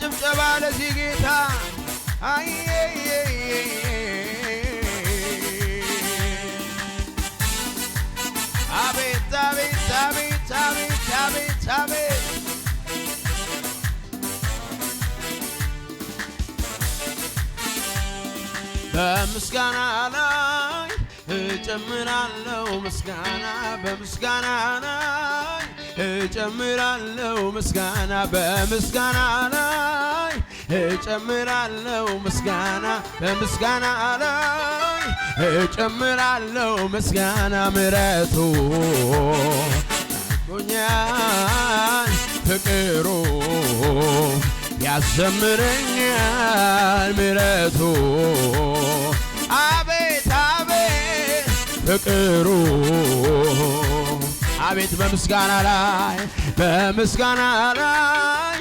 ጭብጨባ ለዚህ ጌታ አየ አቤት አቤት አቤት አቤት አቤት አቤት በምስጋና ላይ እጨምራለው ምስጋና በምስጋና ላይ እጨምራለው ምስጋና በምስጋና ላይ እጨምራለው ምስጋና በምስጋና ላይ እጨምራለው ምስጋና ምረቱ ጎኛል ፍቅሩ ያዘምረኛል ምረቱ አቤት አቤት ፍቅሩ አቤት በምስጋና ላይ በምስጋና ላይ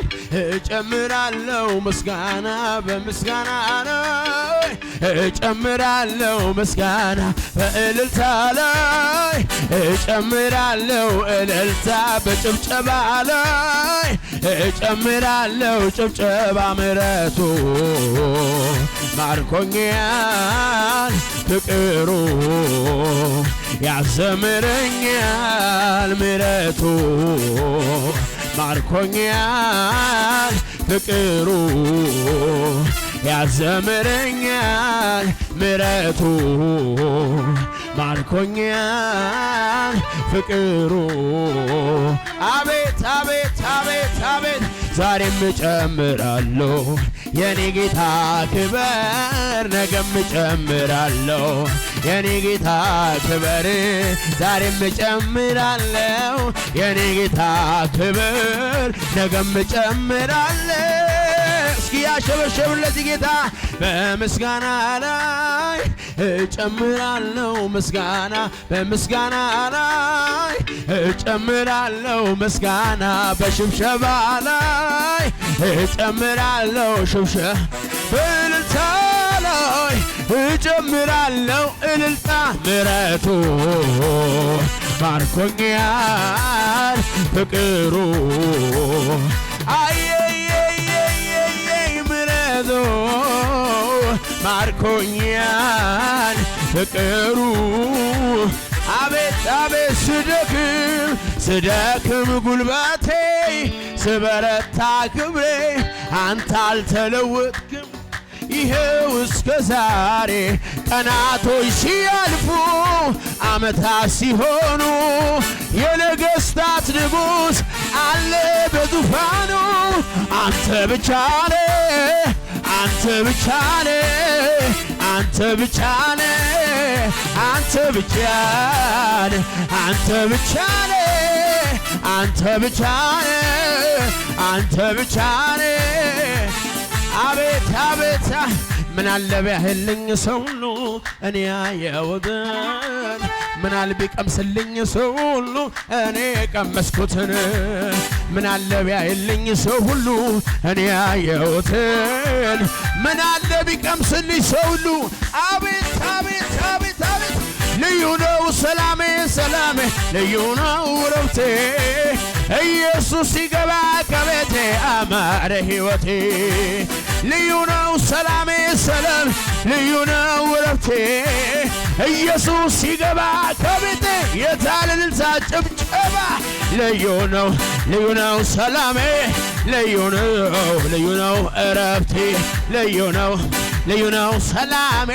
እጨምራለሁ ምስጋና በምስጋና ላይ እጨምራለሁ ምስጋና በእልልታ ላይ እጨምራለሁ እልልታ በጭብጨባ ላይ እጨምራለሁ ጭብጨባ ምረቱ ማርኮኛል ፍቅሩ ያዘምረኛል ምረቱ ማርኮኛል ፍቅሩ ያዘምረኛል ምረቱ ማርኮኛል ፍቅሩ አቤት አቤት አቤት አቤት ዛሬም እጨምራለሁ የኔ ጌታ ክበር፣ ነገም እጨምራለሁ የኔ ጌታ ክበር፣ ዛሬም እጨምራለሁ የኔ ጌታ ክበር፣ ነገም እጨምራለሁ። እስኪ ያሸበሸቡ ለዚህ ጌታ በምስጋና ላይ እጨምራለው ምስጋና በምስጋና ላይ እጨምራለው ምስጋና በሽብሸባ ላይ እጨምራለው ሽብሸ በእልልታ ላይ እጨምራለው እልልታ ምረቱ ባርኮኛል ፍቅሩ አየ ማርኮኛን ፍቅሩ አቤት አቤት ስደክም ስደክም ጉልበቴ ስበረታ ክብሬ አንተ አልተለወጥክም ይኸው እስከ ዛሬ ቀናቶች ሲያልፉ አመታት ሲሆኑ የነገሥታት ንጉሥ አለ በዙፋኑ አንተ ብቻ ነህ አንተ ብቻ ነህ፣ አንተ ብቻ ነህ፣ አንተ ብቻ ነህ፣ አንተ ብቻ ነህ፣ አንተ ብቻ ነህ፣ አንተ ብቻ ነህ። አቤት አቤት ምን አለ ቢያህልኝ ሰው ሁሉ እኔ የወገን ምናል ቢቀምስልኝ ሰው ሁሉ እኔ የቀመስኩትን ምናለ ቢያይልኝ ሰው ሁሉ እኔ ያየሁትን ምናለ ቢቀምስልኝ ሰው ሁሉ አቤት አቤት አቤት አቤት ልዩ ነው ሰላሜ ሰላሜ ልዩ ነው ረብቴ ኢየሱስ ሲገባ ከቤቴ አማረ ሕይወቴ ልዩ ነው ሰላሜ ሰላም ልዩ ነው ረብቴ ኢየሱስ ሲገባ ከቤት የታልልልሳ ጭብጨባ ልዩ ነው ልዩ ነው ሰላሜ ልዩ ነው ልዩ ነው እረፍቴ ልዩ ነው ልዩ ነው ሰላሜ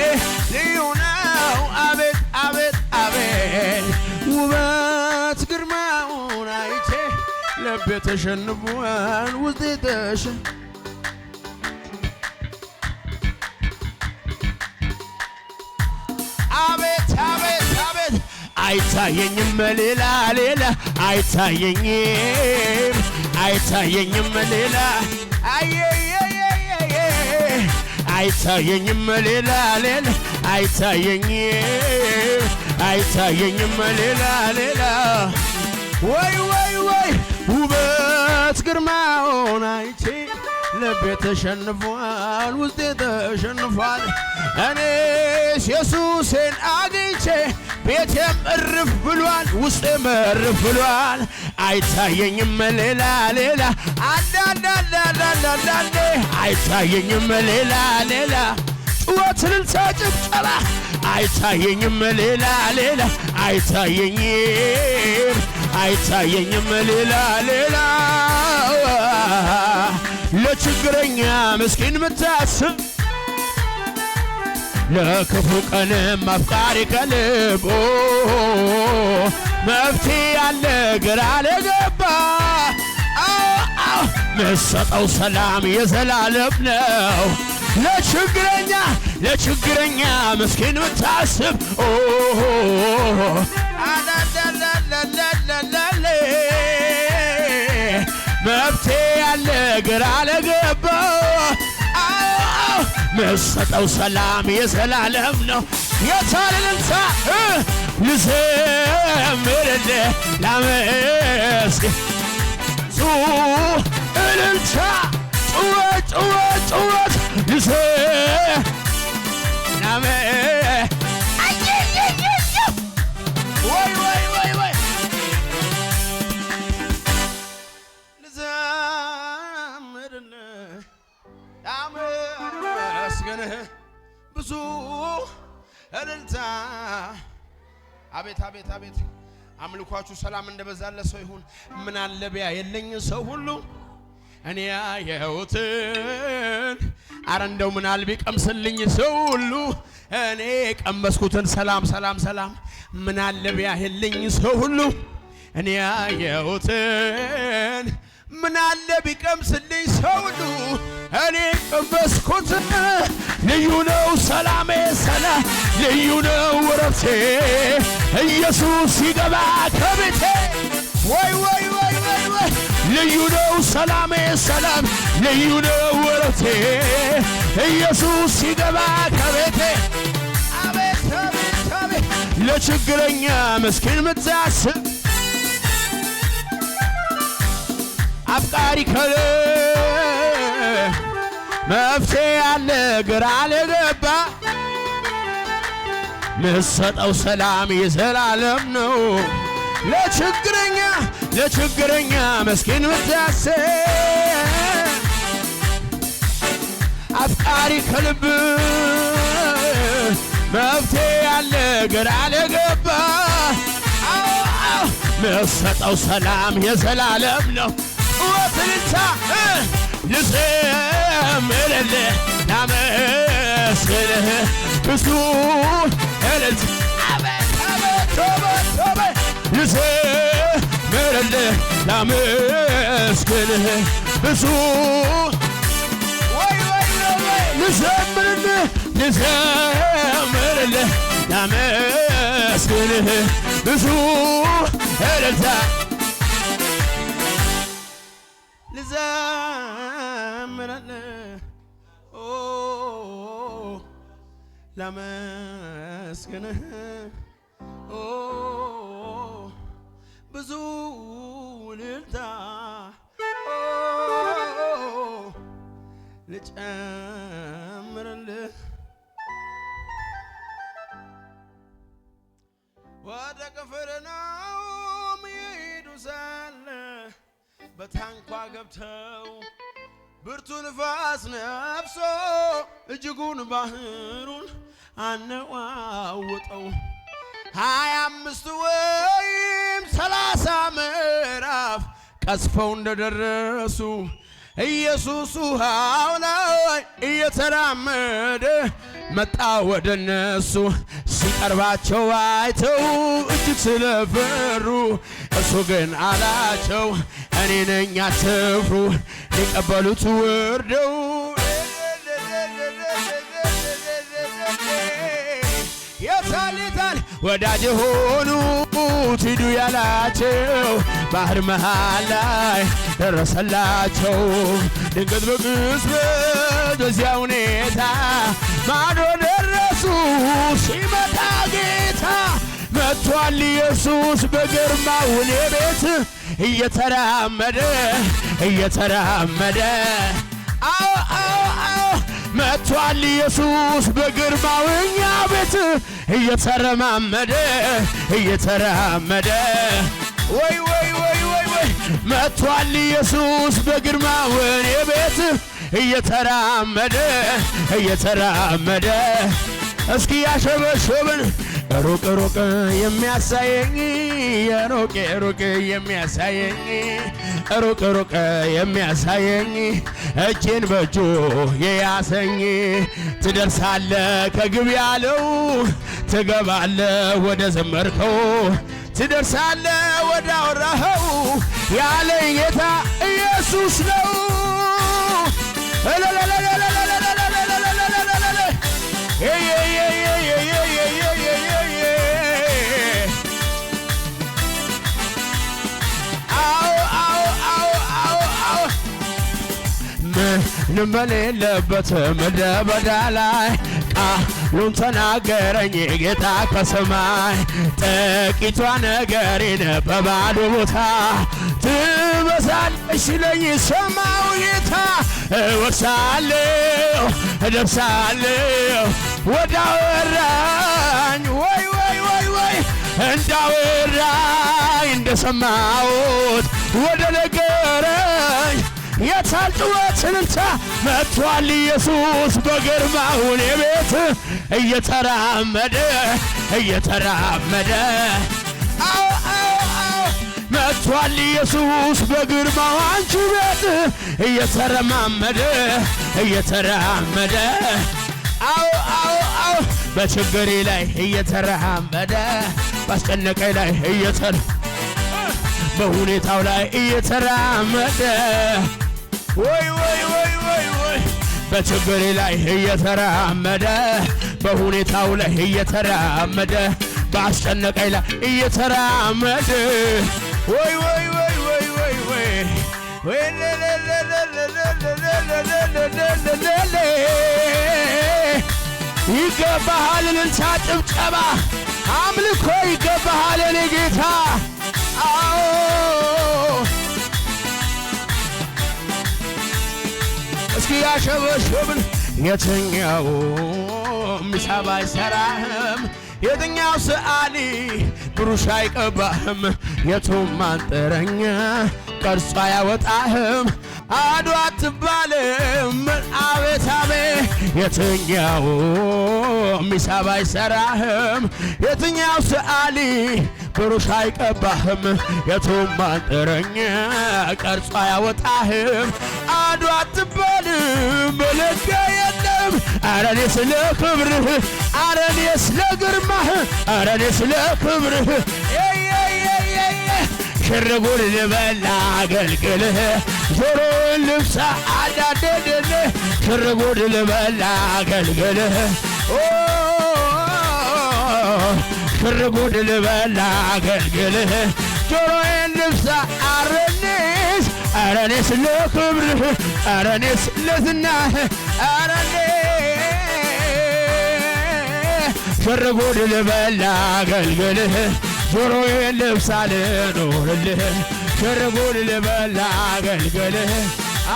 ልዩ ነው አቤት አቤት አቤት ውበት ግርማውን አይቼ ልቤ ተሸንፏል ውስጤ ተሸ አቤት አቤት አቤት አይታየኝም ሌላ ሌላ አይታየኝም አይታየኝም ሌላ አይታየኝም ሌላ ሌላ አይታየኝም አይታየኝም ሌላ ሌላ ወይ ወይ ወይ ውበት ግርማውን አይቼ ልቤ ተሸንፏል ውስጤ ተሸንፏል እኔ ኢየሱሴን አግኝቼ ቤቴም እርፍ ብሏል፣ ውስጤም እርፍ ብሏል። አይታየኝም ሌላ ሌላ አንዳንዳንዳንዳንዳንዴ አይታየኝም ሌላ ሌላ ጩኸት፣ እልልታ፣ ጭብጨባ አይታየኝም ሌላ ሌላ አይታየኝም አይታየኝም ሌላ ሌላ ለችግረኛ ምስኪን ምታስብ ለክፉ ቀንም አፍቃሪ ከልቦ መፍትሄ ያለ ግራ ለገባ ምሰጠው ሰላም የዘላለም ነው። ለችግረኛ ለችግረኛ ምስኪን ምታስብ መፍትሄ ያለ ግራ ለገባ መሰጠው ሰላም የዘላለም ነው። የታልልንታ ልዘምርል ላመስግ እልልታ ጩወት ጩወት ጩወት ልዘ ላመ አቤት አቤት አቤት አምልኳችሁ ሰላም እንደበዛለ ሰው ይሁን። ምን አለ ቢያ የለኝ ሰው ሁሉ እኔ ያየሁትን አረ እንደው ምን አልቢ ቀምስልኝ ሰው ሁሉ እኔ የቀመስኩትን ሰላም ሰላም ሰላም ምን አለ ቢያ የለኝ ሰው ሁሉ እኔ ያየሁትን ምን አለ ቢቀምስልኝ ሰው ሁሉ እኔ ቀመስኩት። ልዩ ነው ሰላሜ ሰላም ልዩ ነው ወረብቴ ኢየሱስ ሲገባ ከቤቴ ወይ ወይ ወይ ወይ ወይ ልዩ ነው ሰላሜ ሰላም ልዩ ነው ወረቴ ኢየሱስ ሲገባ ከቤቴ አቤት አቤት አቤት ለችግረኛ ምስኪን ምታስብ አፍቃሪ ከለ መፍትሄ አለ ግራ ለገባ ምሰጠው ሰላም የዘላለም ነው። ለችግረኛ ለችግረኛ መስኪን ብታሰ አፍቃሪ ከልብ መፍትሄ ያለ ግራ ለገባ ምሰጠው ሰላም የዘላለም ነው። ወትልታ ልዘምርልህ ላመስግንህ ብዙ እልልት ይዘምርልህ ላመስግንህ ብዙ ልዘምርልህ ልዘምርልህ ላመስግንህ ብዙ እልልታ ላመስግንህ ብዙ ልልታ ልጨምርልህ ወደ ቅፍር ነው ሚሄዱ ሳለ በታንኳ ገብተው ብርቱ ንፋስ ነፍሶ እጅጉን ባህሩን አነዋውጠው ሀያ አምስት ወይም ሰላሳ ምዕራፍ ቀስፈው እንደደረሱ ኢየሱስ ውሃው ላይ እየተራመደ መጣ ወደ እነሱ። ሲቀርባቸው አይተው እጅግ ስለፈሩ፣ እሱ ግን አላቸው እኔ ነኝ አትፍሩ። ሊቀበሉት ወርደው ተልተል ወዳጅ ሆኑ ትዱ ያላቸው ባህር መሃል ላይ ደረሰላቸው። ድንገት በቅጽበት በዚያ ሁኔታ ማዶ ደረሱ ሲመጣ ጌታ መጥቷል ኢየሱስ ቤት እየተራመደ እየተራመደ አዎ አዎ አዎ መጥቷል ኢየሱስ በእምነት እየተረማመደ እየተራመደ ወይ ወይ ወይ ወይ ወይ መጥቷል ኢየሱስ በግርማ ወኔ ቤት እየተራመደ እየተራመደ እስኪ ያሸበሸብን ሩቅ ሩቅ የሚያሳየኝ የሩቅ ሩቅ የሚያሳየኝ ሩቅ ሩቅ የሚያሳየኝ እጅን በእጁ የያሰኝ ትደርሳለ ከግብ ያለው ትገባለ ወደ ዘመርከው ትደርሳለ ወደ አወራኸው ያለ ጌታ ኢየሱስ ነው። ልመን የለበትም እንደ ላይ ቃሉን ተናገረኝ ጌታ ከሰማይ ጥቂቷ ነገሬን በባዶ ቦታ ትበሳለሽ ለኝ ሰማው ጌታ እወቅሳለሁ እደብሳለሁ ወዳወራኝ ወይ ወይ ወይ ወይ እንዳወራኝ እንደሰማሁት ወደ ነገረኝ የታልጥወት እልልታ መጥቷል ኢየሱስ በግርማውን ቤት እየተራመደ እየተራመደ መጥቷል ኢየሱስ በግርማው አንቺ ቤት እየተረማመደ እየተራመደ አዎ አዎ አዎ በችግሬ ላይ እየተራመደ ባስጨነቀኝ ላይ እየተራ በሁኔታው ላይ እየተራመደ ወይ ወይ ወይ ወይ ወይ በችግሬ ላይ እየተራመደ በሁኔታው ላይ እየተራመደ በአስጨነቀኝ ላይ እየተራመደ ወይ ወይ ወይ ወይ ወይ ወይ ይገባሃል ልልሳ ጭብጨባ አላሸበሸብን የትኛው ሚሳብ አይሰራህም የትኛው ሰዓሊ ብሩሽ አይቀባህም የቱም ማንጠረኛ ቀርጾ አያወጣህም አዱ አትባልም አቤታቤ የትኛው ሚሳብ አይሰራህም የትኛው ሰዓሊ ብሩሽ አይቀባህም የቱም ማንጠረኛ ቀርጾ አያወጣህም ባዶ አትባልም መለካ የለም። አረኔ ስለ ክብርህ፣ አረኔ ስለ ግርማህ፣ አረኔ ስለ ክብርህ ሽርጉድ ልበላ አገልግልህ ጆሮን ልብሳ አዳደድልህ ሽርጉድ ልበላ አገልግልህ ሽርጉድ ልበላ አገልግልህ ጆሮዬን ልብሳ አርኔ አረኔስ ለክብር አረኔስ ለዝና አረኔ ሸርጉድ ልበላ አገልግልህ ጆሮዬን ልብሳ ልኖርልህ ሸርጉድ ልበላ አገልግልህ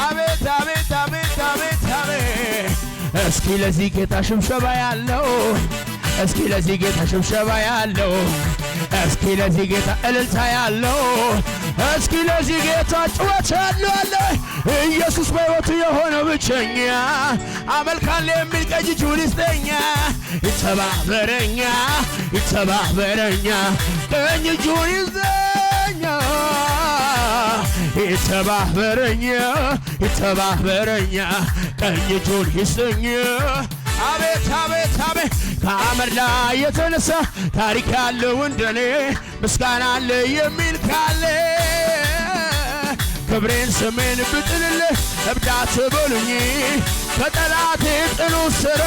አቤት አቤት አቤት አቤት አቤት እስኪ ለዚህ ጌታ ሽምሸባ ያለው እስኪ ለዚህ ጌታ ሽብሸባ ያለው እስኪ ለዚህ ጌታ እልልታ ያለው እስኪ ለዚህ ጌታ ጭወት ያለዋለ ኢየሱስ በሕይወቱ የሆነው ብቸኛ አመልካለ የሚል ቀኝ እጁን ይስጠኛ፣ ይተባበረኛ፣ ይተባበረኛ፣ ቀኝ እጁን ይተባበረኛ፣ ይተባበረኛ፣ ቀኝ እጁን አቤት አቤት አቤት ከአመድ ላይ የተነሳ ታሪክ ያለው እንደኔ ምስጋና አለ የሚል ካለ ክብሬን ስሜን ብጥልልህ እብዳት በሉኝ ከጠላቴ ጥሉ ስራ